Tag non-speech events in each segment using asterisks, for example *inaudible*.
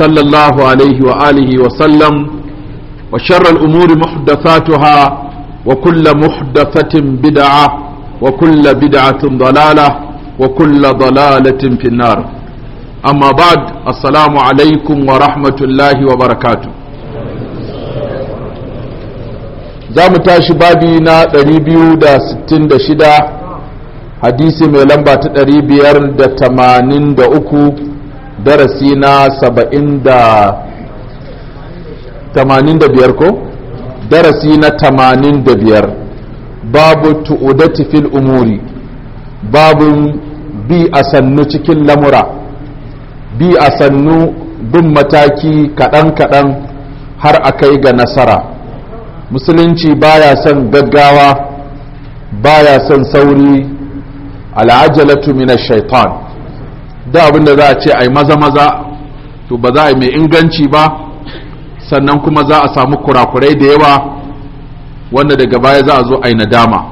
صلى الله عليه وآله وسلم وشر الأمور محدثاتها وكل محدثة بدعة وكل بدعة ضلالة وكل ضلالة في النار أما بعد السلام عليكم ورحمة الله وبركاته zamu tashi babi na 266 hadisi mai lamba ta 583 darasi na saba'in da tamanin da biyar ko darasi na tamanin da biyar babu tu'udati fil umuri babu bi a sannu cikin lamura bi a sannu bin mataki kaɗan-kaɗan har a kai ga nasara musulunci baya son gaggawa baya son sauri al'ajalatu min shaitan da abin da za a ce ai maza maza to ba za a yi mai inganci ba sannan kuma za a samu kurakurai da yawa wanda daga baya za a zo a yi nadama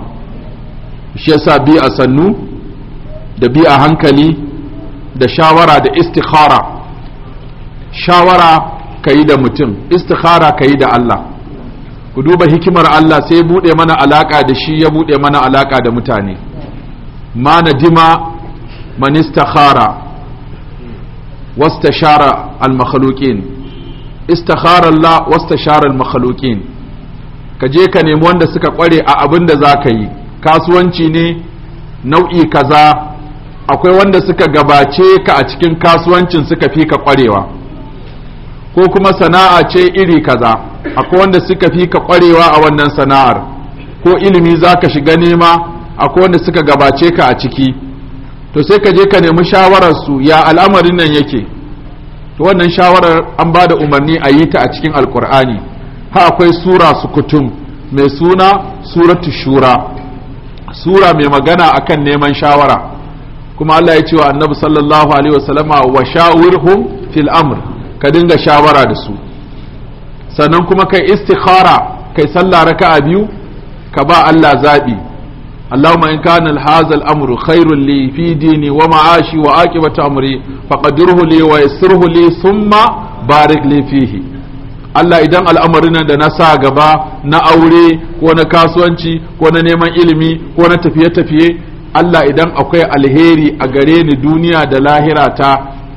shi yasa bi a sannu da bi a hankali da shawara da istikhara shawara ka yi da mutum istikhara ka yi da Allah ku duba hikimar Allah sai buɗe mana alaƙa da shi ya buɗe mana alaƙa da mutane mana na man istakhara wastashara al-makhluqin istakhara Allah wastashara al ka je ka nemi wanda suka kware a abin da zaka yi kasuwanci ne nau'i kaza akwai wanda suka gabace ka a cikin kasuwancin suka fi ka kwarewa ko kuma sana'a ce iri kaza akwai wanda suka fi ka kwarewa a wannan sana'ar ko ilimi zaka shiga nema akwai wanda suka gabace ka a ciki to sai ka je ka nemi shawarar su ya al'amarin nan yake to wannan shawarar an ba da umarni a yi ta a cikin alkur'ani ha akwai sura sukutum mai suna suratu shura sura mai magana akan neman shawara kuma Allah ya ce wa annabi sallallahu alaihi wasallama wa shawirhum fil amr ka dinga shawara da su sannan kuma kai istikhara kai sallah raka'a biyu ka ba Allah zabi اللهم إن كان هذا الأمر خير لي في ديني ومعاشي وعاقبة أمري فقدره لي ويسره لي ثم بارك لي فيه Allah idan al’amarin da na sa gaba na aure ko na kasuwanci ko na neman ilimi ko na tafiye-tafiye Allah idan akwai alheri a gare ni duniya da lahira ta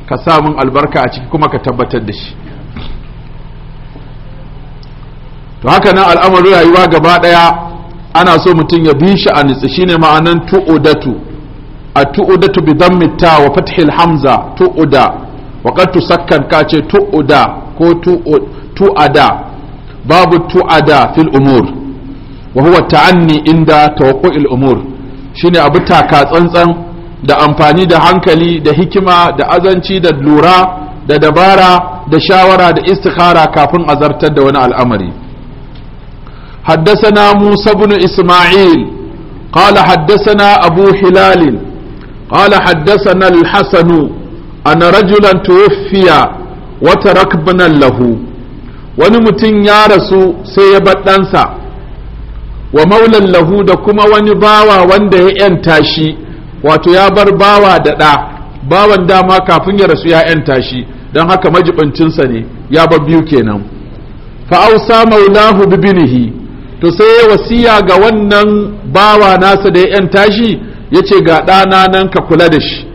ka sa min albarka a ciki kuma ka tabbatar da shi to haka nan al'amarin rayuwa gaba ɗaya ana so mutum ya bi shi a nitsi shine ma'anan tu'udatu a tu'udatu bi dammi ta wa fathil hamza tu'uda wa qad tusakkan ka ce tu'uda ko tu'ada babu tu'ada fil umur wa huwa ta'anni inda tawaqqu'il umur shine abu taka tsantsan da amfani da hankali da hikima da azanci da lura da dabara da shawara da istikhara kafin azartar da wani al'amari حدثنا موسى بن إسماعيل قال حدثنا أبو هلال قال حدثنا الحسن أن رجلا wata وترك ابنا له wani mutum ya rasu sai ya bar ɗansa wa maulan lahu da kuma wani bawa wanda ya ‘yanta shi wato ya bar bawa da ɗa bawan dama kafin ya rasu ya ‘yanta shi don haka majibincinsa ne ya bar biyu kenan fa'ausa maulahu bibinihi to sai ya wasiya ga wannan bawa nasa da ya yan tashi ya ce ga ɗana nan ka kula da shi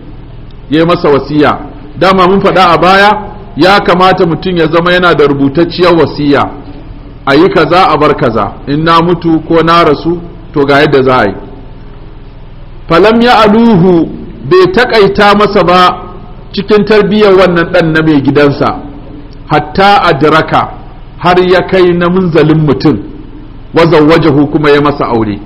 ya yi masa wasiya dama mun faɗa a baya ya kamata mutum ya zama yana da rubutacciyar wasiya a yi kaza a bar kaza in na mutu ko na rasu to ga yadda za a yi falam ya aluhu bai taƙaita masa ba cikin tarbiyyar wannan ɗan na mai gidansa hatta adiraka har ya kai na munzalin mutum wa zawwajahu kuma ya masa aure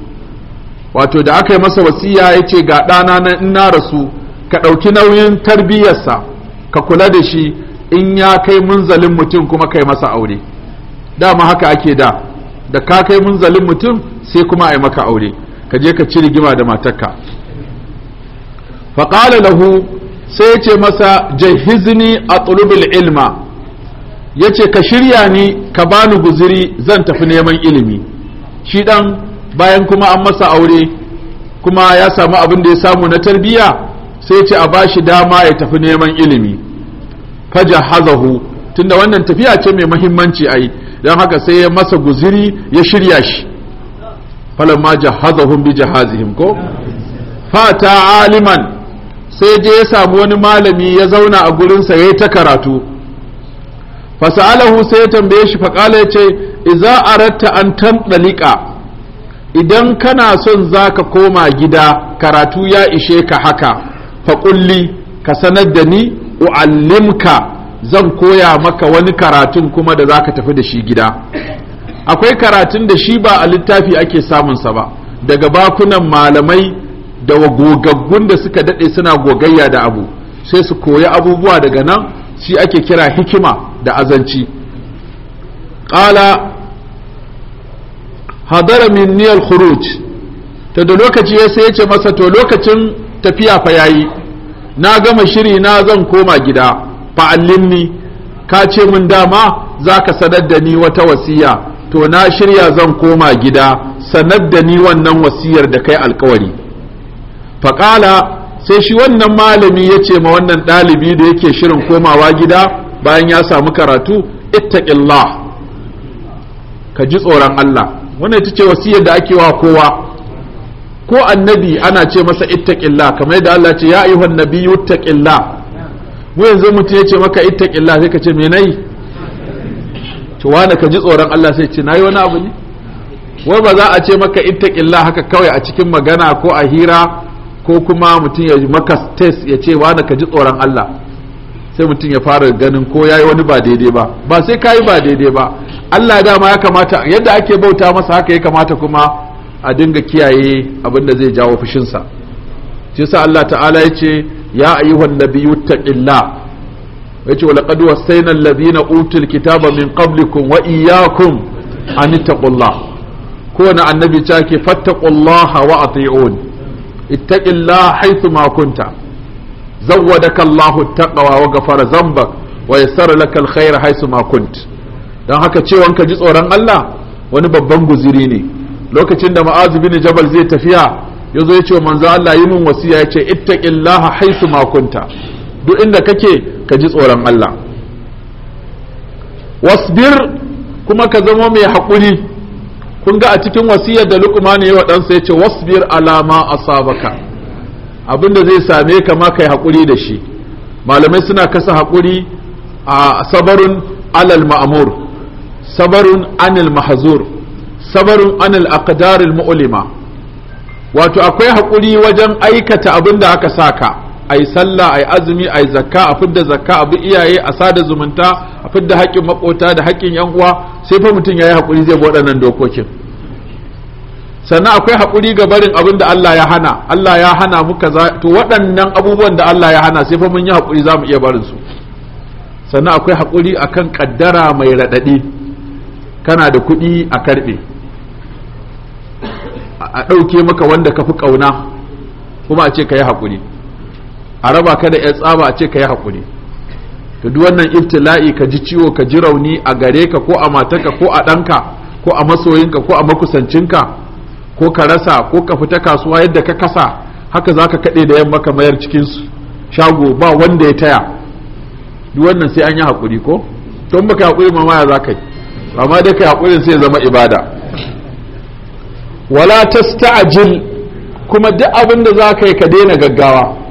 wato da aka yi masa wasiya ya ce ga ɗana na in rasu ka ɗauki nauyin tarbiyyarsa ka kula da shi in ya kai munzalin mutum kuma kai masa aure dama haka ake da da ka kai munzalin mutum sai kuma a yi maka aure ka je ka ci rigima da matarka faƙala lahu sai ya ce masa jahizni a ilma ya ce ka shirya ni ka bani guziri zan tafi neman ilimi shi dan bayan kuma an masa aure kuma ya samu abin da ya samu na tarbiyya sai ce a bashi dama ya tafi neman ilimi fajahazahu tunda wannan tafiya ce mai muhimmanci ai don haka sai ya masa guziri ya shirya shi ma jahazahum bi jahazihim ko fata aliman sai je ya samu wani malami ya zauna a gurinsa ya yi ta karatu fasa'alahu sai ya tambaye shi faƙala ya ce iza aratta an tandalika idan kana son za ka koma gida karatu ya ishe ka haka faƙulli ka sanar da ni u'allimka zan koya maka wani karatun kuma da zaka tafi da shi gida akwai karatun da shi ba a littafi ake samun sa ba daga bakunan malamai da gogaggun da suka daɗe suna gogayya da abu sai su koyi abubuwa daga nan shi ake kira hikima da azanci ƙala hadara min niyal khuruj ta da lokaci ya sai masa to lokacin tafiya fa yayi na gama shiri na zan koma gida fa'allimni ka ce min dama zaka sanar da ni wata wasiya to na shirya zan koma gida sanar da ni wannan wasiyar da kai alkawari faƙala sai shi wannan malami ya ce ma wannan ɗalibi da yake shirin komawa gida bayan ya samu karatu ittaqillah ka ji tsoron Allah wannan ita ce wasiyar da ake wa kowa ko annabi ana ce masa ittaqillah kamar yadda Allah ce ya ayyuhan nabiyyu ittaqillah mu yanzu mutum ya ce maka ittaqillah sai ka ce me nayi to wani ka ji tsoron Allah sai ce nayi wani abu ne wai ba za a ce maka ittaqillah haka kawai a cikin magana ko a hira ko kuma mutum ya maka test ya ce wani ka ji tsoron Allah sai mutum ya fara ganin ko ya yi wani ba daidai ba ba sai ka yi ba daidai ba Allah dama ya kamata yadda ake bauta masa haka ya kamata kuma a dinga kiyaye abin da zai jawo fushinsa shi sa Allah ta'ala ya ce ya ayyuhan nabiyyu taqillah yace walaqad wasayna alladhina utul kitaba min qablikum wa iyyakum an taqullah kowane annabi ta ke fattaqullaha wa ati'un ittaqillah haythu ma kunta zawwadaka Allahu taqwa wa ghafara zambak wa yassara laka alkhaira haythu ma dan haka cewa ka ji tsoron Allah wani babban guziri ne lokacin da ma'azu bin jabal zai tafiya yazo ya ce manzo Allah yi min wasiya ya ce ittaqillaha haisu makunta. duk inda kake ka ji tsoron Allah wasbir kuma ka zama mai haƙuri kun ga a cikin wasiyar da lukman ya wa ɗansa ya ce wasbir alama a asabaka abin da zai same ka ma kai haƙuri da shi malamai suna kasa haƙuri a sabarun alal ma'amur sabarun anil mahzur sabarun anil aqdaril mu'lima wato akwai haƙuri wajen aikata abin da aka saka a yi sallah a yi azumi a yi zakka a fidda zakka a bi iyaye a sada zumunta a fidda haƙƙin maƙota da haƙƙin yan uwa sai fa mutum ya yi haƙuri zai bi waɗannan dokokin sannan akwai haƙuri ga barin abin da Allah ya hana Allah ya hana mu kaza to waɗannan abubuwan da Allah ya hana sai fa mun yi haƙuri za mu iya barin su sannan akwai haƙuri akan kaddara mai raɗaɗi kana da kuɗi a karɓe a ɗauke maka wanda ka fi ƙauna kuma a ce ka yi haƙuri a raba ka da yan tsaba a ce ka yi haƙuri to duk wannan ibtila'i ka ji ciwo ka ji rauni a gare ka ko a matarka ko a ka ko a masoyinka ko a makusancinka ko ka rasa ko ka fita kasuwa yadda ka kasa haka za ka kaɗe da yamma ka mayar cikin shago ba wanda ya taya duk wannan sai an yi haƙuri ko to in baka haƙuri mamaya za ka yi amma dai ka haƙurin sai zama ibada wala tasta'jil kuma duk abin da za ka yi ka daina gaggawa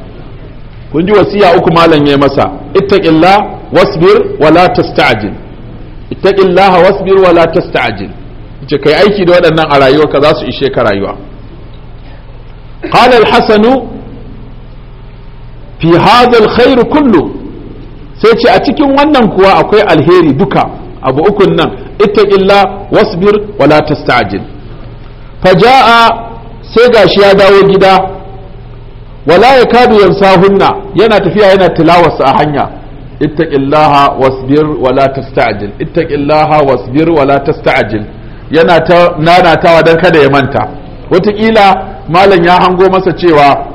kun ji wasiya uku malam ya masa ittaqillah wasbir wala tasta'jil ittaqillaha wasbir wala tasta'jil ce kai aiki da waɗannan a rayuwa za su ishe ka rayuwa qala al-hasanu fi hadha al-khair kullu sai ce a cikin wannan kuwa akwai alheri duka abu ukun nan ittaqillah wasbir wala tasta'jil faja'a sai gashi ya dawo gida wala ya kadu yansahunna yana tafiya yana tilawarsa a hanya ittaqillaha wasbir wala tasta'jil ittaqillaha wasbir wala tasta'jil yana ta nanatawa dan kada ya manta wataƙila malam ya hango masa cewa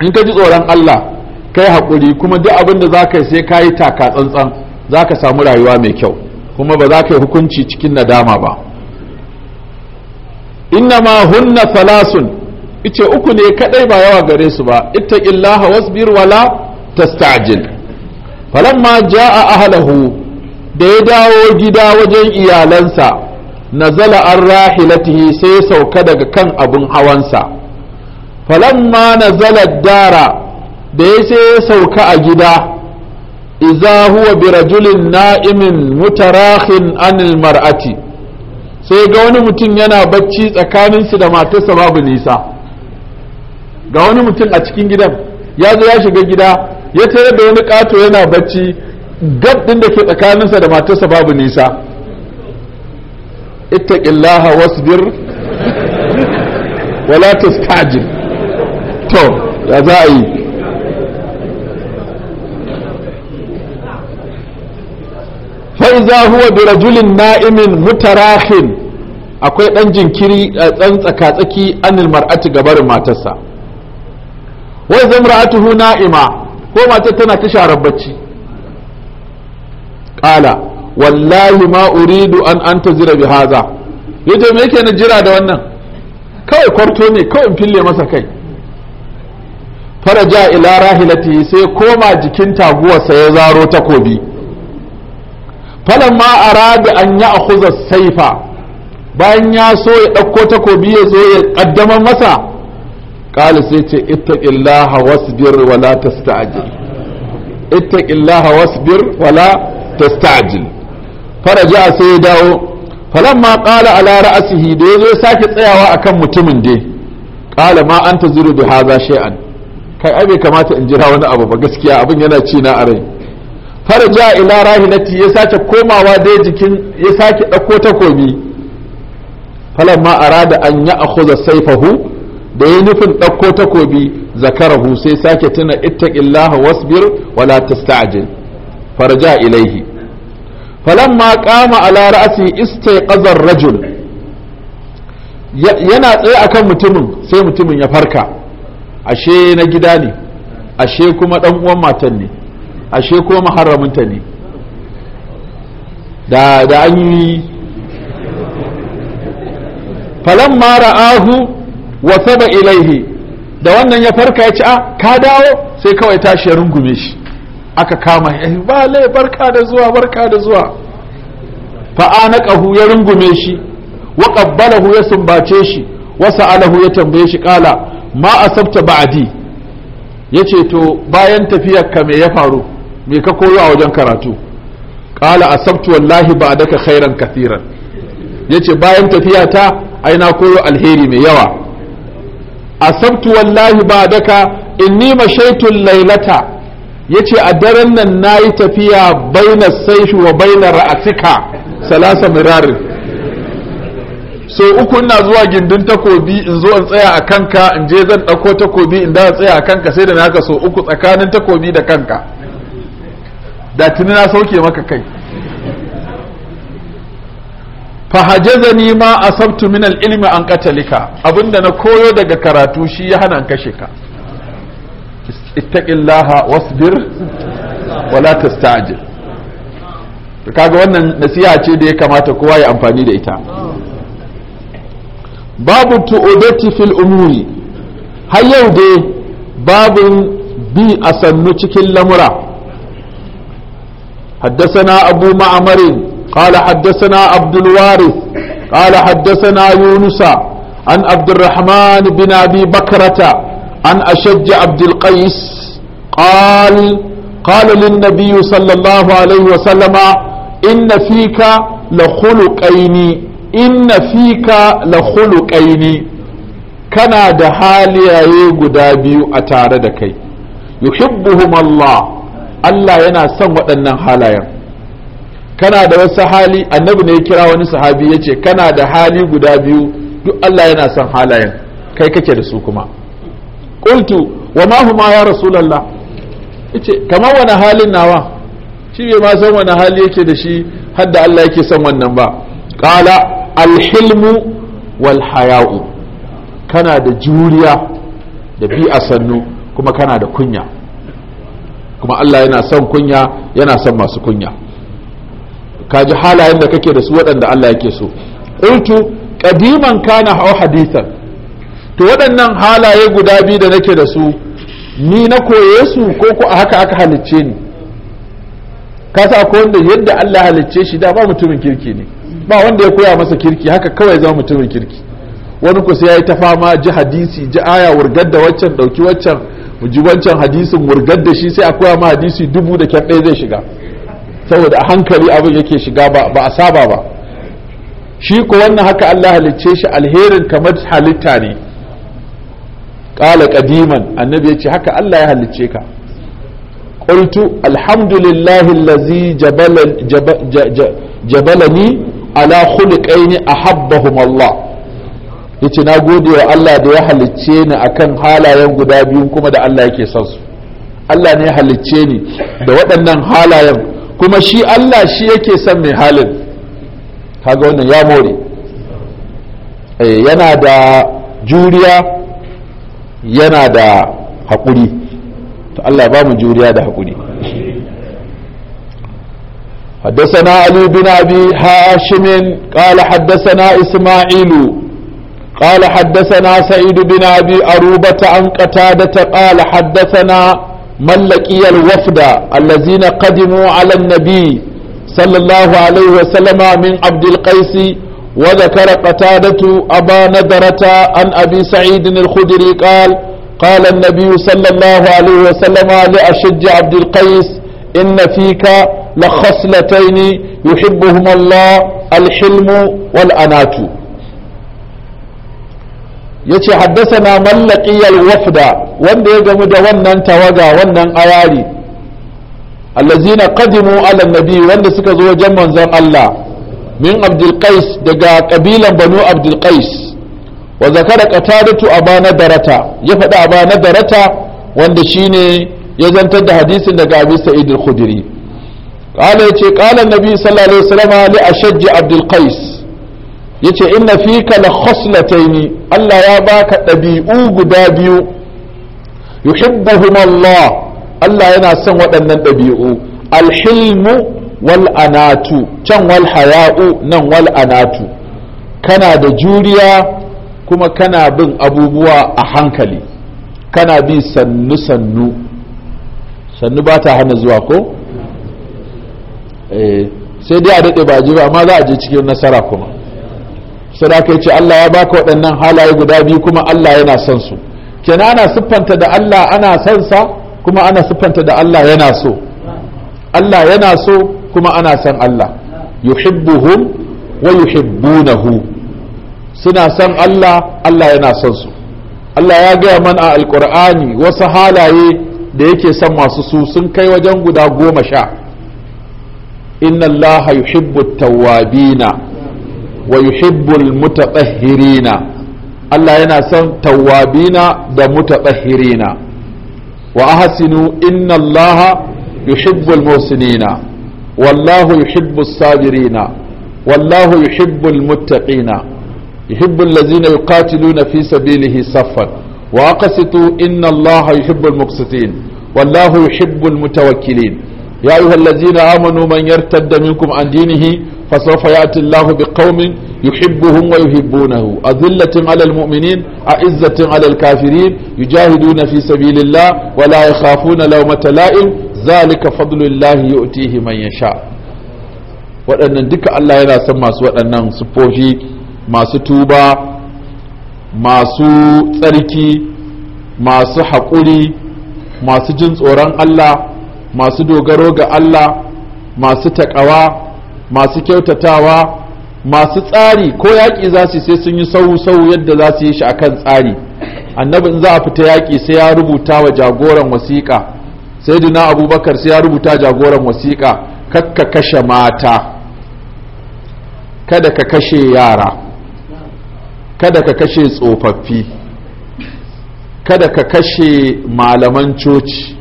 in ka ji tsoron Allah kai haƙuri kuma duk abin da za ka yi sai ka taka tsantsan zaka samu rayuwa mai kyau kuma ba za ka yi hukunci cikin nadama ba innama hunna salasun ice uku ne kadai ba yawa gare su ba ittaqillaha wasbir wala tasta'jil falamma jaa ahlahu da ya dawo gida wajen iyalansa nazala an rahilatihi sai ya sauka daga kan abun hawansa falamma nazala dara da ya sai ya sauka a gida iza huwa bi rajulin na'imin mutarakhin anil mar'ati sai ga wani mutum yana bacci tsakaninsu da matarsa babu nisa ga wani mutum a cikin gidan ya zo ya shiga gida ya tare da wani kato yana bacci gab din da ke tsakaninsa da matarsa babu nisa ittaqillaha wasbir wala tastajil to ya za a yi fa'iza huwa bi rajulin na'imin mutarahin akwai ɗan jinkiri a tsaka tsakatsaki anil mar'ati gabarin matarsa wai zamra'atuhu na'ima ko matar tana ta sharar bacci Ƙala. wallahi ma uridu an zira bi haza yace me yake na jira da wannan kawai kwarto ne kawai in fille masa kai faraja ila rahilati sai koma jikin taguwarsa ya zaro takobi a arada an yi akhuza saifa bayan ya so ya ɗauko takobi ya zo ya ƙaddamar masa qala sai ce ittaqillaha wasbir wala tastaajil ittaqillaha wasbir wala tastaajil faraja sai ya dawo falamma qala ala ra'sihi da yazo sake tsayawa akan mutumin dai qala ma anta zuru bi hadha shay'an kai ai bai kamata in jira wani abu ba gaskiya abin yana ci na a rai faraja ila rahilati ya sake komawa dai jikin ya sake dauko takobi falamma arada an ya'khudha sayfahu da ya nufin ɗauko takobi zakarahu sai sake tuna ittaqillaha wasbir wala tasta'jil farja ilaihi falamma qama ala ra'si istayqaza rajul yana tsaye akan mutumin sai mutumin ya farka ashe na gida ne ashe kuma dan uwan matan ne ashe kuma muharraminta ne da da an yi falamma ra'ahu wa saba ilaihi da wannan ya farka ya ci a ah, ka dawo sai kawai tashi ya rungume shi aka kama ya eh, ba lai barka da zuwa barka da zuwa fa'anaqahu ya rungume shi wa balahu ya sumbace shi wa sa'alahu ya tambaye shi ƙala. ma asabta ya ce to bayan tafiyar ka me ya faru me ka koyo a wajen karatu kala asabtu wallahi ba'daka khairan kathiran ce bayan tafiya ta ai na koyo alheri mai yawa asabtu wallahi ba daka inni shaitun lailata yace a daren nan nayi tafiya baina saifi wa baina ra'atika salasa mirarin so uku ina zuwa gindin takobi in zo in tsaya a kanka in je zan ɗauko takobi in da tsaya a kanka sai da na haka so uku tsakanin takobi da kanka da tuni na sauke maka kai fahajazani ma asabtu min al-ilmi an qatalika abinda na koyo daga karatu shi ya hana an kashe ka ittaqillaha wasbir wala tastajil to kaga wannan nasiha ce da ya kamata kowa ya amfani da ita babu tu'udati fil umuri har yau dai babu bi a sannu cikin lamura haddasa na abu معمر قال حدثنا عبد الوارث قال حدثنا يونس عن عبد الرحمن بن أبي بكرة عن أشج عبد القيس قال قال للنبي صلى الله عليه وسلم إن فيك لخلقين إن فيك لخلقين kana da halaye guda biyu a tare da kai yuhibbuhum Allah Allah yana son waɗannan halayen kana da wasu hali annabi ne ya kira wani sahabi ya ce kana da hali guda biyu duk Allah yana son halayen kai kake da su kuma qultu wa ma huma ya rasulullah yace kamar wani halin nawa shi bai ma san wani hali yake da shi hadda Allah yake son wannan ba qala alhilmu wal haya'u kana da juriya da bi a sannu kuma kana da kunya kuma Allah yana son kunya yana son masu kunya ka ji halayen da kake da su waɗanda Allah yake so qultu ka kana hau hadisan. to waɗannan halaye guda biyu da nake da su ni na koye su ko ko a haka aka halicce ni ka sa ko wanda yadda Allah halicce shi da ba mutumin kirki ne ba wanda ya koya masa kirki haka kawai zama mutumin kirki wani ku sai ya yi ta fama ji hadisi ji aya wurgar da waccan ɗauki waccan ji wancan hadisin wurgar da shi sai a koya ma hadisi dubu da kyan ɗaya zai shiga saboda a hankali abin yake shiga ba a saba ba shi ko wannan haka Allah halicce shi alherin kamar halitta ne ƙala ƙadiman annabi ya ce haka Allah ya halicce ka qultu alhamdulillahi allazi jabalani ala khuluqaini ahabbahum Allah yace na gode wa Allah da ya halicce ni akan halayen guda biyun kuma da Allah yake son su Allah ne ya halicce ni da waɗannan halayen kuma shi Allah shi yake son mai halin kaga wannan ya more eh, yana da juriya yana da haƙuri to Allah ba mu juriya da haƙuri حدثنا علي بن أبي هاشم قال حدثنا إسماعيل قال حدثنا سعيد بن أبي أروبة عن قتادة قال حدثنا من لقي الوفد الذين قدموا على النبي صلى الله عليه وسلم من عبد القيس وذكر قتادة أبا ندرة عن أبي سعيد الخدري قال قال النبي صلى الله عليه وسلم لأشج عبد القيس إن فيك لخصلتين يحبهما الله الحلم والأنات yace haddasa mallaqiyal wafda wanda ya gamu da wannan tawaga wannan ayari allazina qadimu ala nabi wanda suka zo wajen manzon Allah min abdul qais daga kabilan banu abdul qais wa zakara qatadatu abana darata ya faɗi abana darata wanda shine ya zantar da hadisin daga abi sa'id al-khudri qala yace qala nabi sallallahu alaihi wasallam li ashajji abdul qais yace inna fika la khoslataini Allah ya baka ɗabi'u guda biyu yuhibbuhuma Allah Allah yana son waɗannan ɗabi'u alhilmu wal anatu can wal haya'u nan wal anatu kana da juriya kuma kana bin abubuwa a hankali kana bi sannu sannu sannu ba ta hana zuwa ko eh sai dai a daɗe ba ji ba amma za a je cikin nasara kuma sadaka ce Allah ya baka waɗannan halaye guda biyu kuma Allah yana son su kenan ana siffanta da Allah ana son sa kuma ana siffanta da Allah yana so Allah yana so kuma ana son Allah yuhibbuhum wa yuhibbunahu suna son Allah Allah yana son su Allah ya gaya mana a alkur'ani wasu halaye da yake son masu su sun kai wajen guda goma sha inna Allah yuhibbu tawwabina wa yuhibbul mutatahhirina Allah yana son tawwabina da mutatahhirina wa ahsinu inna Allah yuhibbul muhsinina wallahu yuhibbus sabirina wallahu yuhibbul muttaqina yuhibbul ladzina yuqatiluna fi sabilihi saffan wa aqsitu inna Allah yuhibbul muqsitin wallahu yuhibbul mutawakkilin يا أيها الذين آمنوا من يرتد منكم عن دينه فسوف يأتي الله بقوم يحبهم ويحبونه أذلة على المؤمنين أعزة على الكافرين يجاهدون في سبيل الله ولا يخافون لومة لائم ذلك فضل الله يؤتيه من يشاء waɗannan duka Allah yana son masu waɗannan siffofi masu tuba masu tsarki masu haƙuri masu jin tsoron Allah masu dogaro ga Allah masu taƙawa masu kyautatawa masu tsari ko yaƙi za su sai sun yi sau-sau yadda za su yi shi akan tsari annabi in za a fita yaƙi sai ya rubuta wa jagoran wasiƙa sai duna abubakar sai ya rubuta jagoran wasiƙa kakka kashe mata kada ka kashe yara kada ka kashe tsofaffi kada ka kashe malaman coci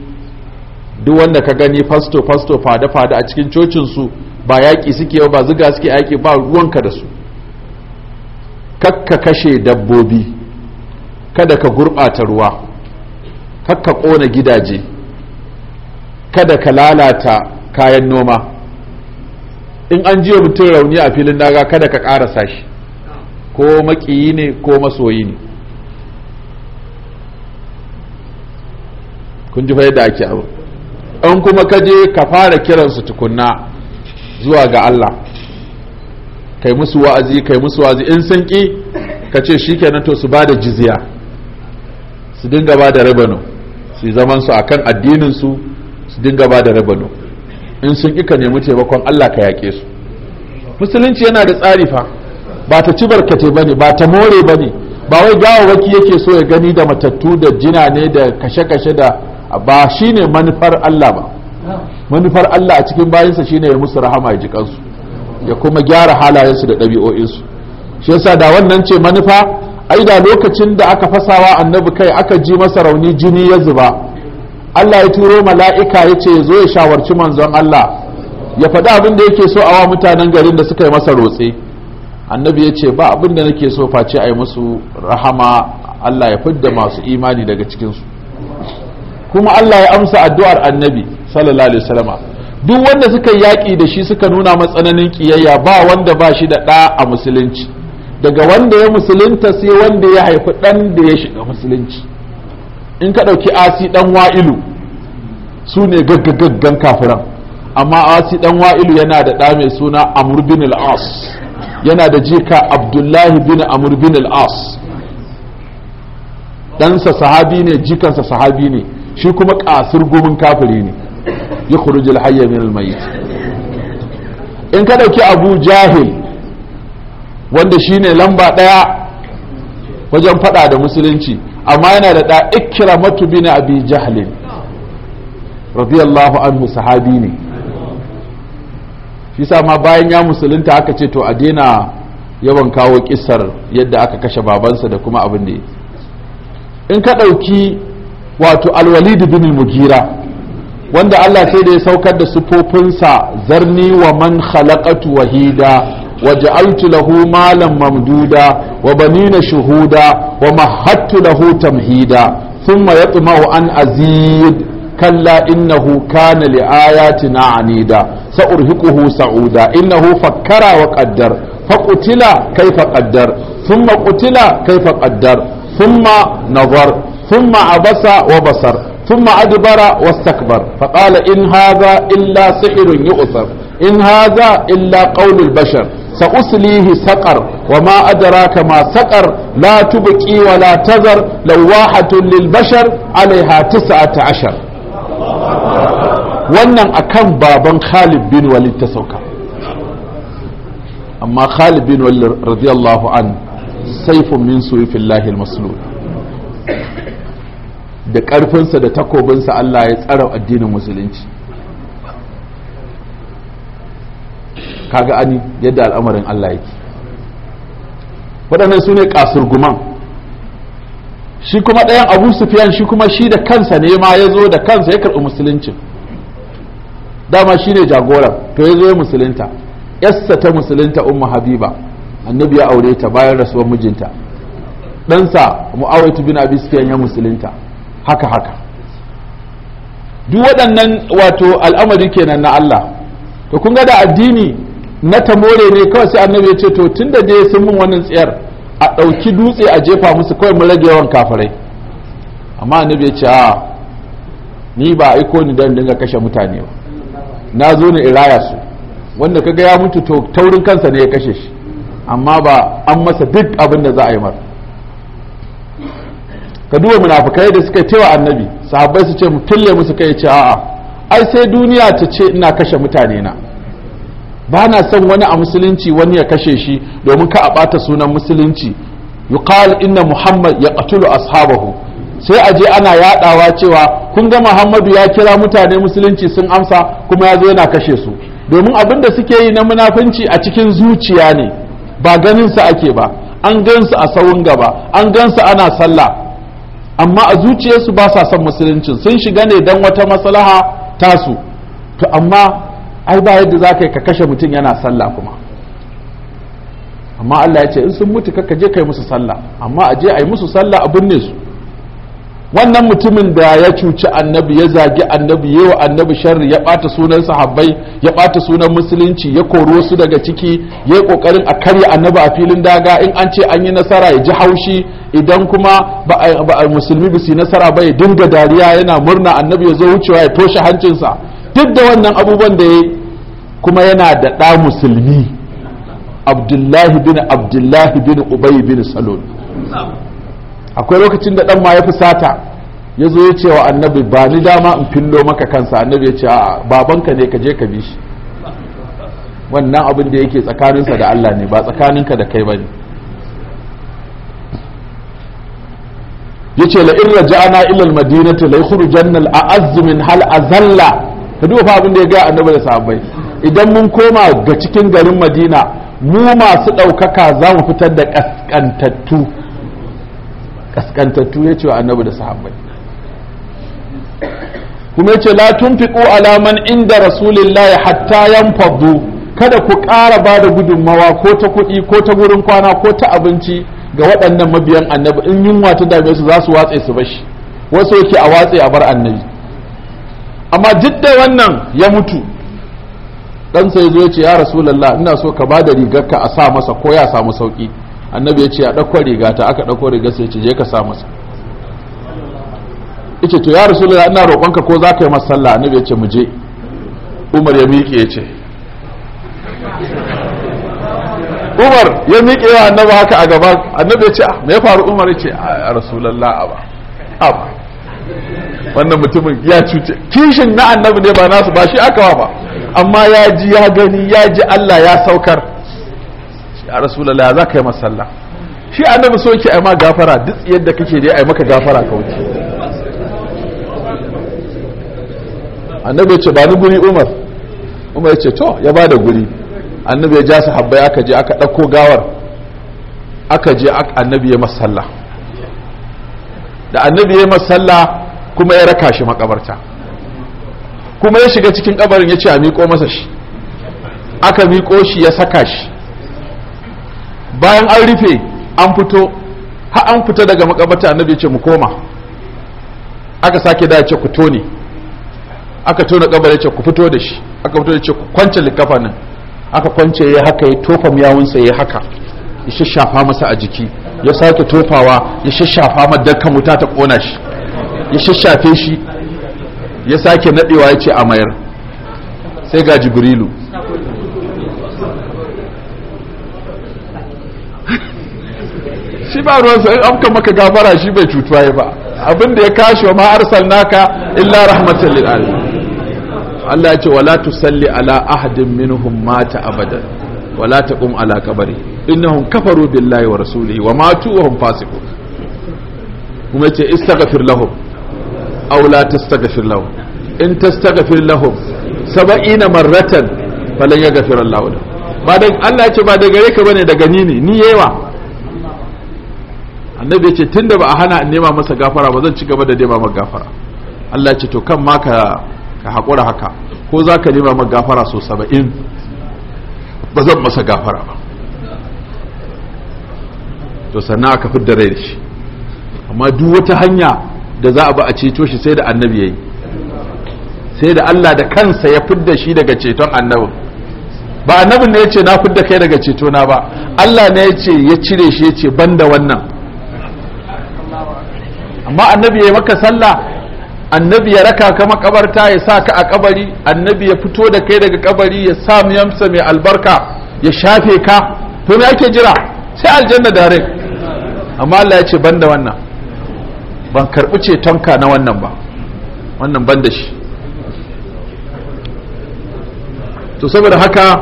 duk wanda ka gani fasto fasto fada fada a cikin cocin su ba yaƙi suke ba zuga suke yaƙi ba ruwanka da su kakka kashe dabbobi kada ka gurɓata ruwa kakka ƙona gidaje kada ka lalata kayan noma in an jiwa mutum rauni a filin daga kada ka ƙarasa shi ko maƙiyi ne ko masoyi ne kun ji fayyada ake abu in kuma ka je ka fara kiransu tukunna zuwa ga Allah kai musu wa'azi kai musu wa'azi in sun ki ka ce shikenan to su ba da jizya su dinga ba da rabano su zaman su akan addinin su su dinga ba da rabano in sun ki ka nemi taimakon Allah ka yaƙe su musulunci yana da tsari fa ba ta ci barkate bane ba ta more bane ba wai gawawaki yake so ya gani da matattu da jina ne da kashe-kashe da ba shi ne manufar Allah ba manufar Allah a cikin bayansa shine ya musu rahama ya ji kansu ya kuma gyara halayensu da ɗabi'o'insu shi yasa da wannan ce manufa ai da lokacin da aka fasawa annabi kai aka ji masa rauni jini ya zuba Allah ya turo mala'ika ya ce ya zo ya shawarci manzon Allah ya faɗi abin da yake so a wa mutanen garin da suka yi masa rotse annabi ya ce ba abin da nake so face a yi musu rahama Allah ya fidda masu imani daga cikinsu kuma Allah ya amsa addu'ar annabi sallallahu alaihi wasallama duk wanda suka yaƙi da shi suka nuna matsananin ƙiyayya ba wanda ba shi da ɗa a musulunci daga wanda ya musulunta sai wanda ya haifi ɗan da ya shiga musulunci in ka ɗauki asi ɗan wa'ilu su ne gaggagaggan kafiran amma asi ɗan wa'ilu yana da ɗa mai suna amr bin al-as yana da jika abdullahi bin amr bin al-as ɗansa sahabi ne jikansa sahabi ne shi kuma kasir gumin kafiri ne ya kurujil hayya min almayit in ka dauki abu jahil wanda ne lamba daya wajen fada da musulunci amma yana da ikira ikramatu bin abi jahilin radiyallahu anhu sahabi ne shi ma bayan ya musulunta aka ce to a daina yawan kawo kisar yadda aka kashe babansa da kuma abin da in ka ɗauki wato alwalid bin mugira wanda Allah sai da ya saukar da sufofinsa zarni wa man khalaqatu wahida wa ja'altu lahu malan mamduda wa banina shuhuda wa mahattu lahu tamhida thumma yatma'u an azid kalla innahu kana liayatina anida sa'urhiquhu sa'uda innahu fakkara wa qaddar faqutila kayfa qaddar thumma qutila kayfa qaddar thumma nazar ثم عبس وبصر ثم أدبر واستكبر فقال إن هذا إلا سحر يؤثر إن هذا إلا قول البشر سأسليه سقر وما أدراك ما سقر لا تبكي ولا تذر لواحة للبشر عليها تسعة عشر wannan akan baban Khalid bin Walid ta sauka amma Khalid bin Walid radiyallahu an saifun min suyufin lahil maslul da ƙarfinsa da takobinsa Allah ya tsara addinin musulunci kaga ani yadda al'amarin Allah yake waɗannan su ne kasurguman shi kuma ɗayan abu sufiyan shi kuma shi da kansa ne ma ya zo da kansa ya karɓi musuluncin dama shi ne jagoran to ya zo ya musulunta yassa ta musulunta umma habiba annabi ya aure ta bayan rasuwar mijinta ɗansa mu'awaitu bin abi sufiyan ya musulunta haka haka duk waɗannan wato al'amari kenan na Allah to kun ga da addini na tamore ne kawai sai annabi ya ce to tunda dai sun mun wannan tsiyar a ɗauki dutse a jefa musu kawai mu rage yawan kafirai amma annabi ya ce a ni ba aiko ni dan dinga kashe mutane ba na zo ni in raya su wanda kaga ya mutu to taurin kansa ne ya kashe shi amma ba an masa duk abin da za a yi mara ka duba munafukai da suka tewa annabi sahabbai su ce mu tulle musu kai ce a'a ai sai duniya ta ce ina kashe mutane na ba na son wani a musulunci wani ya kashe shi domin ka a bata sunan musulunci yuqal inna muhammad ya qatulu ashabahu sai a je ana yadawa cewa kun ga muhammadu ya kira mutane musulunci sun amsa kuma ya zo yana kashe su domin abin da suke yi na munafunci a cikin zuciya ne ba ganin su ake ba an gansu a sawun gaba an gansu ana sallah amma a zuciyarsu ba sa son musuluncin sun shiga ne don wata maslaha tasu to amma ai ba yadda za ka yi ka kashe mutum yana sallah kuma amma Allah ya ce in sun mutu ka je kai musu sallah amma a je a yi musu sallah a binne su wannan mutumin da ya cuci annabi ya zagi annabi yawa annabi sharri ya bata sunan sahabbai ya bata sunan musulunci ya kori wasu daga ciki ya yi kokarin a karya annabi a filin daga in an ce an yi nasara ya ji haushi idan kuma ba a musulmi ba su nasara ba ya dinga dariya yana murna annabi ya zo wucewa ya toshe hancinsa duk da wannan abubuwan da ya kuma yana da ɗa musulmi abdullahi bin abdullahi bin ubay bin salon akwai lokacin da dan ma ya fusata ya zo ya ce wa annabi ba ni dama in fillo maka kansa annabi ya ce a babanka ne ka je ka bi shi wannan abin da yake tsakaninsa da Allah ne ba tsakaninka da kai bane ce la irra ja'ana ila al-madinati la yukhrujanna jannal aazz min hal azalla ka duba fa abin da ya ga annabi da sahabbai idan mun koma ga cikin garin Madina mu masu daukaka za mu fitar da kaskantattu kaskantattu ya ce wa annabi da sahabbai kuma yace la tunfiqu alaman inda inda rasulillahi hatta yanfadu kada ku ƙara ba da gudunmawa ko ta kuɗi ko ta gurin kwana ko ta abinci ga waɗannan mabiyan annabi in yunwa ta dame su za su watse su bashi wasu yake a watse a bar annabi amma duk da wannan ya mutu ɗansa ya zo ya ce ya rasulallah ina so ka ba da rigarka a sa masa ko ya samu sauƙi annabi ya ce a ɗauko riga ta aka ɗauko riga sai ce je ka sa masa ita to ya rasulullah ina roƙonka ko za ka yi masa sallah annabi ya ce mu je umar ya miƙe ya ce umar ya miƙe wa annabi haka a gaba annabi ya ce ah, me ya faru umar ya ce ah, a rasulullah a ba wannan mutumin ya cuce kishin na annabi ne ba nasu ba shi aka wa ba amma ya ji ya gani ya ji Allah ya saukar ya rasulullah za ka yi masalla shi shi annabi so yake ai ma gafara duk yadda kake dai yi maka gafara ka wuce annabi ya ce ba ni guri umar umar ya ce to ya bada guri annabi ya ja su habbai aka je aka ɗauko gawar aka je annabi ya masalla. da annabi ya masalla kuma ya raka shi makabarta kuma ya shiga cikin kabarin ya ce a miƙo masa shi aka miƙo shi ya saka shi bayan an rufe an fito ha an fita daga makabata annabi ce mu koma aka sake da ce ku tone aka tona kabar ce ku fito da shi aka fito da ce ku kwance likafa nan aka kwance ya haka ya tofa miyawunsa ya haka ya shashafa masa a jiki ya sake tofawa ya ma madarkan wuta ta kona shi ya shashafe shi ya sake nadewa ya ce a mayar sai ga jibrilu shi ba ruwansa in amka maka gafara shi bai cutu cutuwa ba abin da ya kashi wa ma arsalnaka illa rahmatan lil alamin Allah ya ce wala tusalli ala ahadin minhum mata abadan wala taqum ala kabari innahum kafaru billahi wa rasulihi wa matu wa hum fasiqun kuma yace istaghfir lahum aw la tastaghfir lahum in tastaghfir lahum sab'ina marratan falan yaghfir Allah lahum ba dan Allah ya ce ba da gare ka bane daga ni ne ni yewa annabi ya ce tunda ba a hana in nema masa gafara ba zan ci gaba da nema maka gafara Allah ce to kan ma ka ka haƙura haka ko za ka nema maka gafara so saba'in ba zan masa gafara ba to sannan aka fi da rai da shi amma duk wata hanya da za a ba a ceto shi sai da annabi ya yi sai da Allah da kansa ya fidda shi daga ceton annabin ba annabin ne ya ce na fidda kai daga ceto na ba Allah ne ya ce ya cire shi ya ce ban da wannan amma annabi ya maka sallah annabi ya raka ka makabarta ya sa ka a kabari annabi ya fito da kai daga kabari ya sa miyamsa mai albarka ya shafe ka to me ake jira sai aljanna dare amma Allah ya ce banda wannan ban karbi cetonka na wannan ba wannan banda shi to saboda haka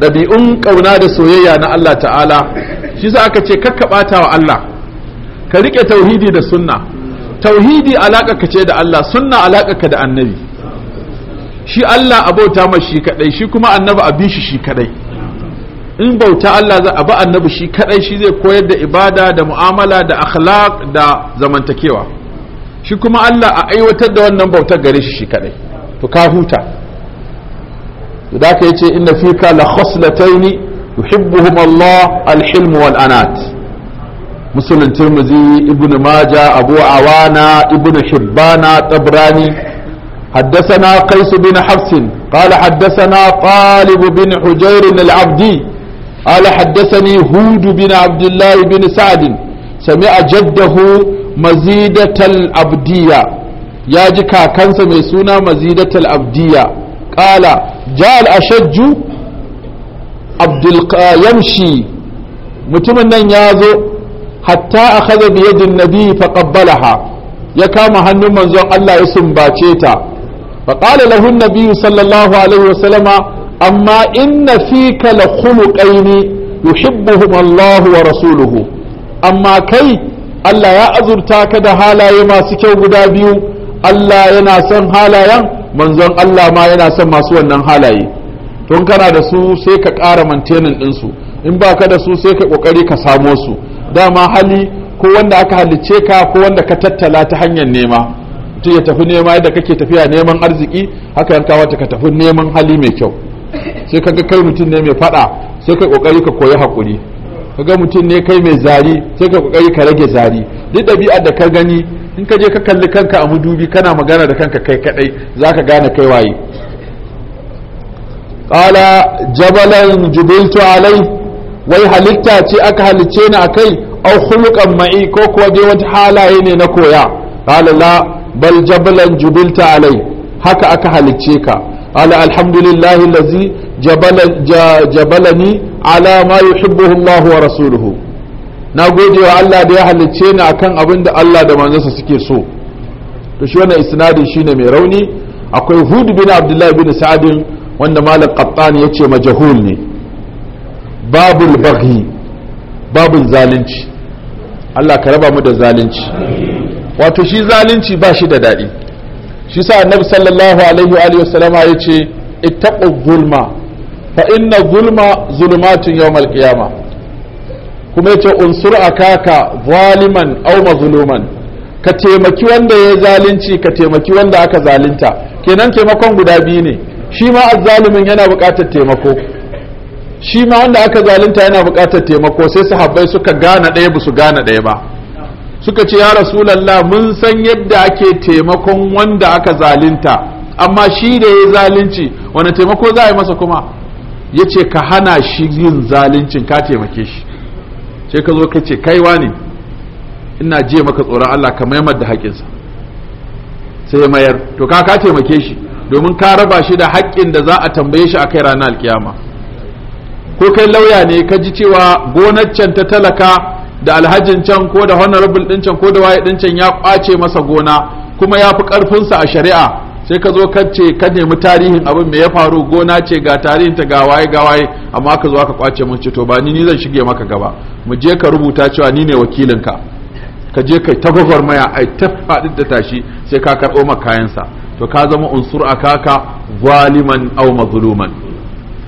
ɗabi'un ƙauna da soyayya na Allah ta'ala shi za aka ce kakkaɓata wa Allah ka rike tauhidi da sunna tauhidi alaka ka ce da Allah sunna alaka ka da annabi shi Allah abauta ma shi kadai shi kuma annabi a bishi shi kadai in bauta Allah za a ba annabi shi kadai shi zai koyar da ibada da mu'amala da akhlaq da zamantakewa shi kuma Allah a aiwatar da wannan bautar gare shi shi kadai to ka huta da ka yace inna fika la khaslataini yuhibbuhum Allah al-hilm wal anat musulun tirmizi ibn maja abu awana ibn hibbana tabrani حدثنا قيس بن حفص قال حدثنا طالب بن حجير العبدي قال حدثني هود بن عبد الله بن سعد سمع جده مزيدة العبدية يا جكا كنس ميسونا مزيدة العبدية قال جاء الأشج عبد يمشي متمنى يازو hatta akhadha bi yadin nabi fa qabbalaha ya kama hannun manzon Allah ya sumbace ta fa qala lahu an sallallahu alaihi wasallama amma inna fika la khuluqaini yuhibbuhum Allah wa rasuluhu amma kai Allah ya azurta ka da halaye masu kyau guda biyu Allah yana son halayen manzon Allah ma yana son masu wannan halaye tun kana da su sai ka ƙara mantenin ɗinsu in ba ka da su sai ka ƙoƙari ka samo su dama hali ko wanda aka halicce ka ko wanda ka tattala ta hanyar nema mutum ya tafi nema yadda kake tafiya neman arziki haka yanka wata ka tafi neman hali mai kyau sai kaga kai mutum ne mai fada sai kai kokari ka koyi hakuri kaga mutum ne kai mai zari sai ka kokari ka rage zari duk ɗabi'ar da ka gani in ka je ka kalli kanka a mudubi, kana magana da kanka kai kadai zaka gane kai waye qala jabalan jubiltu alai wai halitta ce aka halice ni akai au khuluqan ma'i ko kuwa dai wata halaye ne na koya qala la bal jubilta alai haka aka halice ka qala alhamdulillahi allazi jabalani ala ma yuhibbuhu Allah wa rasuluhu na gode wa Allah da ya halicce ni akan abin da Allah da manzansa suke so to shi wannan isnadin shine mai rauni akwai Hud bin Abdullah bin Sa'd wanda malam Qattan yace majhul ne babul baghi babul zalunci Allah ka raba mu da zalunci wato shi zalunci ba shi da daɗi shi sa annabi sallallahu alaihi wa sallama ya ce ittaqu zulma fa inna zulma zulumatun yawmal qiyama kuma yace unsur akaka zaliman aw mazluman ka taimaki wanda ya zalunci ka taimaki wanda aka zalunta kenan taimakon guda biyu ne shi ma azzalumin yana buƙatar taimako shi ma wanda aka zalunta yana buƙatar taimako sai sahabbai suka gane ɗaya ba su gane ɗaya ba suka ce ya rasulallah mun san yadda ake taimakon wanda aka zalunta amma shi da ya zalunci wani taimako za a yi masa kuma ya ce ka hana shi yin zaluncin ka taimake shi sai ka zo ka ce kaiwa ne ina je maka tsoron Allah ka maimar da haƙinsa sai mayar to ka taimake shi domin ka raba shi da haƙƙin da za a tambaye shi a kai ranar alkiyama ko kai lauya ne ka ji cewa gonar can ta talaka da alhajin can ko da honorable din can ko da waye din can ya kwace masa gona kuma ya fi karfinsa a shari'a sai ka zo ka ce ka nemi tarihin abin me ya faru gona ce ga tarihin ta ga waye ga waye amma ka zo ka kwace mun ce to ba ni ni zan shige maka gaba mu je ka rubuta cewa ni ne wakilin ka ka je kai ta maya ai ta faɗi da tashi sai ka karɓo maka kayansa to ka zama unsur a kaka zaliman aw mazluman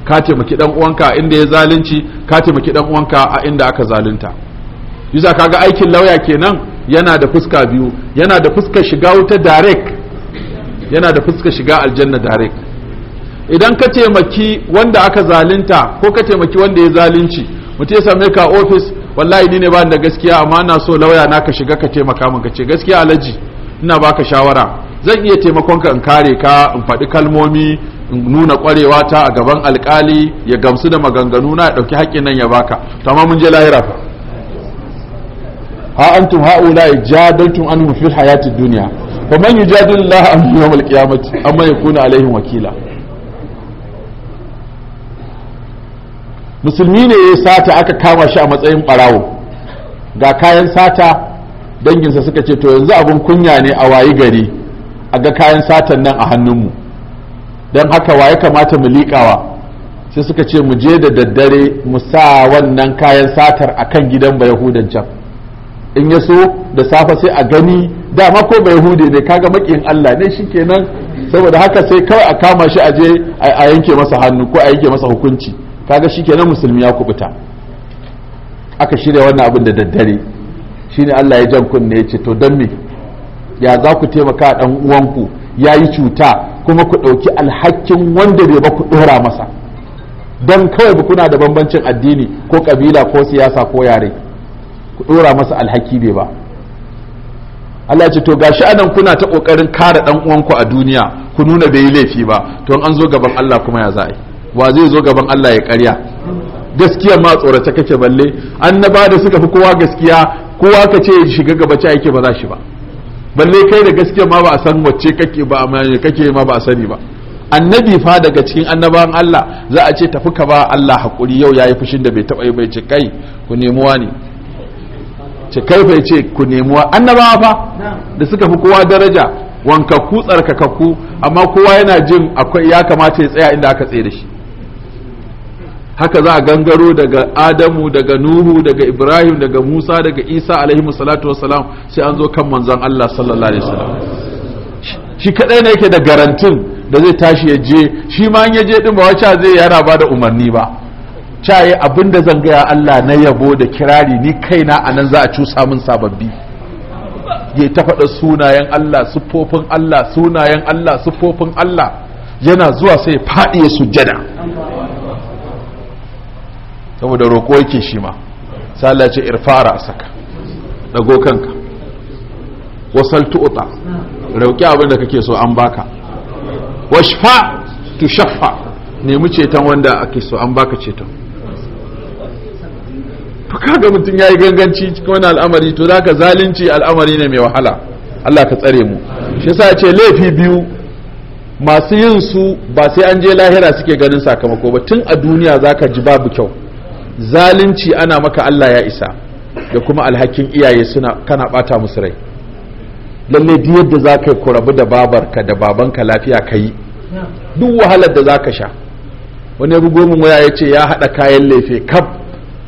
ka taimaki dan uwanka a inda ya zalunci ka taimaki dan uwanka a inda aka zalunta yusa kaga aikin lauya kenan yana da fuska biyu yana da fuska shiga wuta direct yana da fuska shiga aljanna direct idan ka taimaki wanda aka zalunta ko ka taimaki wanda ya zalunci mutum ya same ka ofis wallahi ni ne ba da gaskiya amma na so lauya na ka shiga ka taimaka min ka ce gaskiya alaji ina baka shawara zan iya taimakon ka in kare ka in faɗi kalmomi nuna kwarewa ta a gaban alkali ya gamsu da maganganu na ya dauki haƙƙin nan ya baka to amma mun je lahira fa ha antum haula jadaltum anhum fil hayatid dunya faman yujadilu Allah an yawm an amma yakuna alaihim wakila musulmi ne ya sata aka kama shi a matsayin barawo ga kayan sata danginsa suka ce to yanzu abun kunya ne a wayi gari a ga kayan satan nan a hannunmu don haka waye kamata mu liƙawa sai suka ce mu je da daddare mu sa wannan kayan satar a kan gidan bayahudan can in ya so da safe sai a gani dama ko bayahude ne kaga makin Allah ne shikenan saboda haka sai kawai a kama shi a je a yanke masa hannu ko a yanke masa hukunci kaga shi shikenan musulmi ya kubuta aka shirya wannan abin da daddare shine Allah ya jan kunne ya ce to don me ya za ku taimaka dan uwanku ya yi cuta kuma ku ɗauki alhakin wanda bai ba ku ɗora masa don kawai ba kuna da bambancin addini ko ƙabila ko siyasa ko yare ku ɗora masa alhaki bai ba Allah ce to gashi anan kuna ta ƙoƙarin kare ɗan uwanku a duniya ku nuna bai yi laifi ba to an zo gaban Allah kuma ya za'a wa zai zo gaban Allah ya ƙarya gaskiya ma tsorata kake balle annaba da suka fi kowa gaskiya kowa ka ce shiga gaba ce yake ba za shi ba balle kai da gaskiya ma ba a san wacce kake ba amma kake ma ba a sani ba annabi fa daga cikin annabawan Allah za a ce tafi ka ba Allah hakuri yau yayi fushin da bai taba yi bai ce kai ku nemuwa ne ce kai bai ce ku nemuwa annabawa fa da suka fi kowa daraja wanka ka tsarkakakku amma kowa yana jin akwai ya kamata ya tsaya inda aka tsaye da shi haka za a gangaro daga adamu daga nuhu daga ibrahim daga musa daga isa alaihi salatu wassalam sai an zo kan manzon allah sallallahu alaihi wasallam shi kadai ne yake da garantin da zai tashi ya je shi ma ya je din ba wacce zai yana ba da umarni ba caye abin da zan gaya allah na yabo da kirari ni kaina a nan za a cusa min sababbi ya ta faɗa sunayen allah siffofin allah sunayen allah siffofin allah yana zuwa sai faɗi ya sujjada saboda roƙo yake shi ma sai ce irfara a saka dago kanka wasal tu'ta roƙi abin da kake so an baka washfa tushaffa nemi ceton wanda ake so an baka ceton Tuka ga mutum ya yi ganganci cikin wani al'amari to zaka zalunci al'amari ne mai wahala Allah ka tsare mu shi sa ce laifi biyu masu yin su ba sai an je lahira suke ganin sakamako ba tun a duniya zaka ji babu kyau zalunci ana maka Allah ya isa da kuma alhakin iyaye suna kana bata musu rai lalle duk yadda za ka ku da babarka da babanka lafiya ka duk wahalar da zaka sha wani ya bugo mu waya yace ya haɗa kayan lefe baban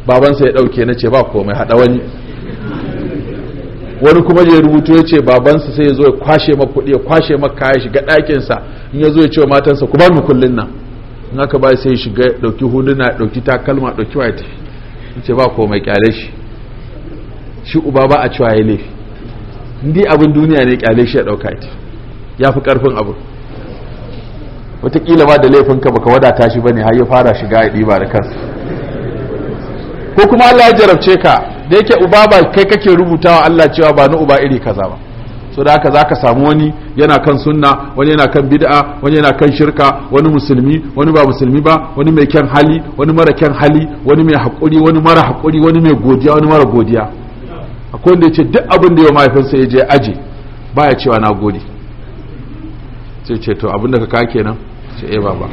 babansa ya ɗauke na ce ba komai hada wani wani kuma ya rubutu ya ce babansa sai ya zo ya kwashe maka kuɗi ya kwashe maka kaya shiga ɗakinsa in ya zo ya ce wa matansa ku bar mu kullun nan in aka ba sai shiga dauki huduna dauki takalma dauki waye ce ba komai kyale shi shi uba ba a cewa ya laifi ndi abin duniya ne kyale shi ya dauka ita ya fi karfin abu wataƙila ba da laifin ka baka wadata shi bane har ya fara shiga ya ɗiba da kansa ko kuma Allah ya jarabce ka da yake uba ba kai kake rubutawa Allah cewa ba ni uba iri kaza ba so da haka za ka samu wani yana kan sunna wani yana kan bid'a wani yana kan shirka wani musulmi wani ba musulmi ba wani mai kyan hali wani mara kyan hali wani mai haƙuri wani mara haƙuri wani mai godiya wani mara godiya akwai wanda ya ce duk abin da ya mahaifinsa ya je aje baya cewa na gode sai ce to abin da ka kake kenan ce eh baba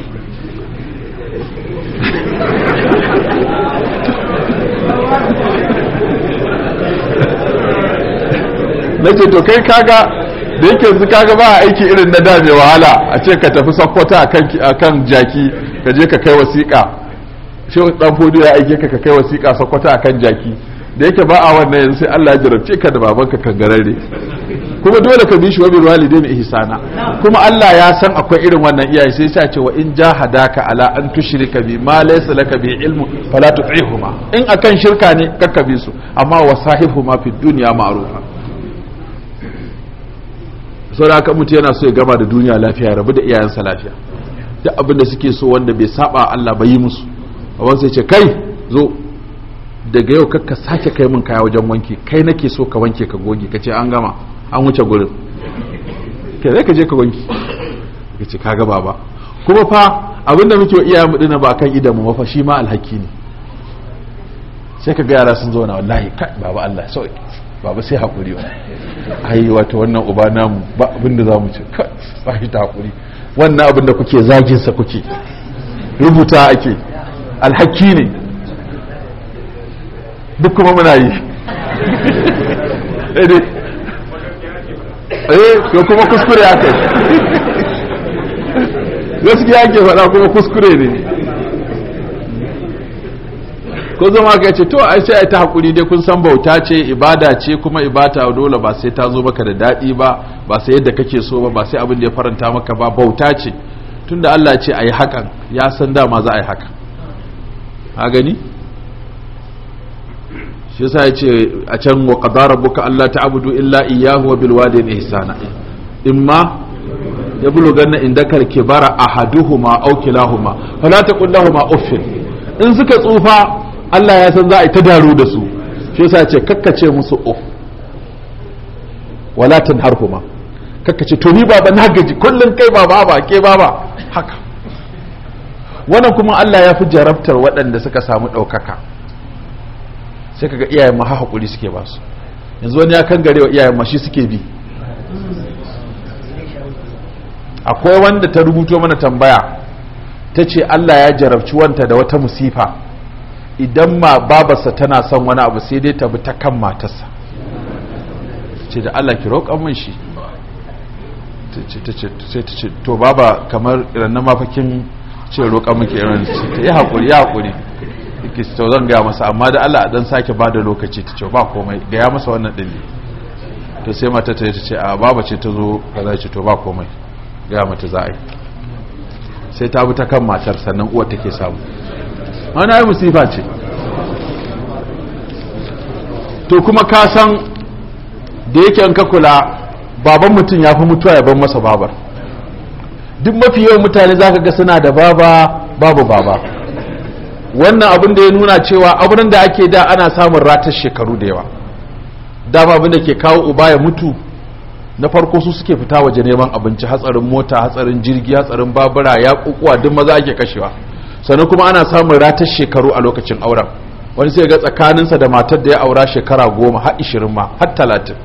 Na ce to kai kaga da yake yanzu kaga ba aiki irin na da mai wahala a ce ka tafi a kan jaki ka je ka kai wasiƙa shi dan fodo ya aike ka ka kai wasiƙa a kan jaki da yake ba a wannan yanzu sai Allah ya jarabce ka da babanka kangarare kuma dole ka bi shi wa bil walidaini ihsana kuma Allah ya san akwai irin wannan iyaye sai ya ce wa in jahadaka ala an tushrika bi ma laysa laka bi ilmu fala tu'ihuma in akan shirka ne kakka bi su amma wasahihuma fid dunya ma'rufa sau da mutu yana so ya gama da duniya lafiya rabu da iyayensa lafiya duk abin da suke so wanda bai saba Allah ba yi musu amma sai ce kai zo daga yau kakka sake kai min kaya wajen wanki kai nake so ka wanke ka goge ka ce an gama an wuce gurin ka zai ka je ka wanki ka ce ka gaba ba kuma fa abinda muke wa iyayen mudina ba kan idan mu fa shi ma alhaki ne sai ka ga yara sun zo na wallahi kai baba Allah sauki baba sai hakuri ba ai wata wannan uba namu ba abin da mu ce ba shi ta hakuri wannan abin da kuke zaginsa kuke rubuta ake alhaki ne duk kuma muna yi *laughs* eh ko eh, kuma kuskure aka *laughs* gaskiya ke faɗa kuma kuskure ne ko zama ka ce to ai sai ai ta hakuri dai kun san bauta ce ibada ce kuma ibada dole ba sai ta zo maka da dadi ba ba sai yadda kake so ba ba sai abin da ya faranta maka ba bauta ce tunda Allah ce ai hakan ya san dama za a yi hakan ha gani shi yasa ya ce a can wa qadara rabbuka ta ta'budu illa iyyahu wa bil walidayni ihsana imma inda indaka kibara ahaduhuma aw kilahuma fala taqul lahumu uffin in suka tsufa Allah ya san za a yi ta daro da su shi yasa ce kakkace musu uf wala harhuma kakkace to ni baba na gaji kullun kai baba ba ke baba haka wannan kuma Allah ya fi jarabtar waɗanda suka samu ɗaukaka sai kaga iyayen ma hakuri suke ba su yanzu wani ya kan garewa iyayen ma shi suke bi akwai wanda ta rubuto mana tambaya ta ce Allah ya jarabci wanta da wata musifa idan ma babarsa tana son wani abu sai dai ta bi ta kan matarsa ce da Allah ki roƙa min shi sai ta ce to baba kamar na mafakin ce roƙa muke irin ta yi haƙuri ya haƙuri ki to zan gaya masa amma da Allah dan sake ba da lokaci ta ce ba komai gaya masa wannan ɗin to sai mata ta ce a baba ce ta zo ka za ce to ba komai gaya mata za a yi sai ta bi ta kan matar sannan uwar take samu wani ai musifa ce to kuma ka san da yake an ka kula baban mutum ya fi mutuwa ya ban masa babar duk mafi yawan mutane za ka ga suna da baba babu baba wannan abin da ya nuna cewa abin da ake da ana samun ratar shekaru da yawa dama abin da ke kawo uba ya mutu na farko su suke fita waje neman abinci hatsarin mota hatsarin jirgi hatsarin babura ya kukuwa duk maza ake kashewa sannan kuma ana samun ratar shekaru a lokacin auren wani sai ga tsakaninsa da matar da ya aura shekara goma har ishirin ma har talatin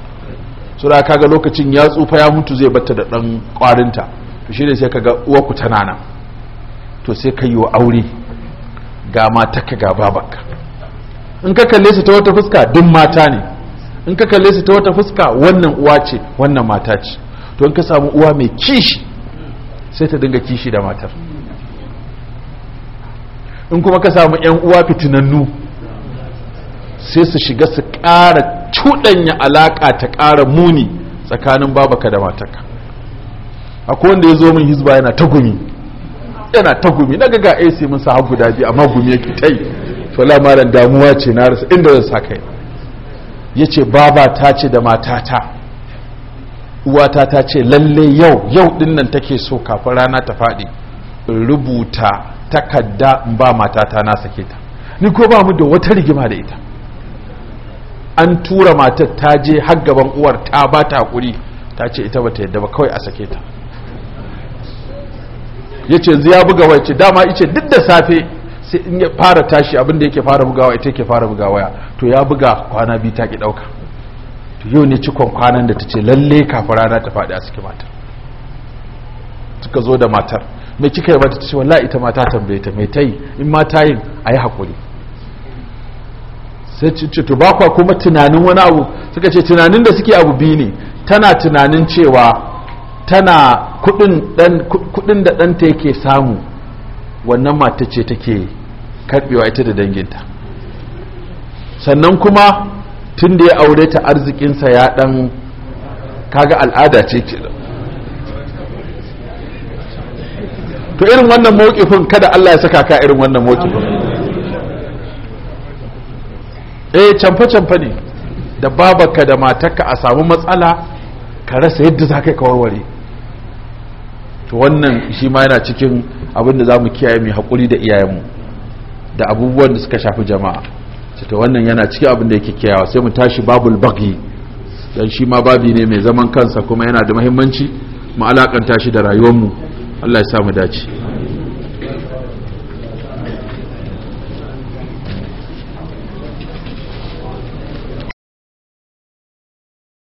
Su da kaga lokacin ya tsufa ya mutu zai batta da ɗan ƙwarinta to shi ne sai ka uwa uwarku tana nan to sai ka yi wa aure ga ka ga babanka in ka kalle su ta wata fuska duk mata ne in ka kalle su ta wata fuska wannan uwa ce wannan mata ce to in ka samu uwa mai kishi sai ta dinga kishi da matar in kuma ka samu yan uwa fitinannu sai su shiga su ƙara cuɗanya alaƙa ta ƙara muni tsakanin babaka da mataka akwai wanda ya zo min hizba yana ta gumi yana ta gumi na ga AC mun sa hagu biyu amma gumi yake ta yi to damuwa ce na rasa inda zan sa kai ya ce baba ta ce da matata uwata ta ce lalle yau yau dinnan take so kafin rana ta faɗi rubuta takadda in ba matata na sake ta ni ko ba mu da wata rigima da ita an tura matar ta je har gaban uwar ta ba ta hakuri ta ce ita bata yadda ba kawai a sake ta yace yanzu ya buga waya ce dama ice duk da safe sai in ya fara tashi abin da yake fara bugawa ita yake fara buga waya to ya buga kwana biyu ta ki dauka to yau ne cikon kwanan da ta ce lalle kafin rana ta faɗi a saki matar suka zo da matar mai kika yi mata ta ita ma ta tambaye ta mai yi in ma ta yi a yi haƙuri sai ce to ba kwa kuma tunanin wani abu suka ce tunanin da suke abu biyu ne tana tunanin cewa tana kudin da ɗanta yake samu wannan mata ce take karbewa ita da danginta sannan kuma tun da ya aure ta arzikinsa ya ɗan kaga al'ada ce kenan to irin wannan mawukifin kada Allah ya saka ka irin wannan mawukifin eh canfa canfa ne da babarka da matarka a samu matsala ka rasa yadda za ka warware to wannan shi ma yana cikin abin da za mu kiyaye mai haƙuri da iyayenmu da abubuwan da suka shafi jama'a ta wannan yana cikin abin da yake kiyawa sai mu tashi babul bagi don shi ma babi ne mai zaman kansa kuma yana da mahimmanci mu alakanta shi da rayuwarmu Allah ya samu dace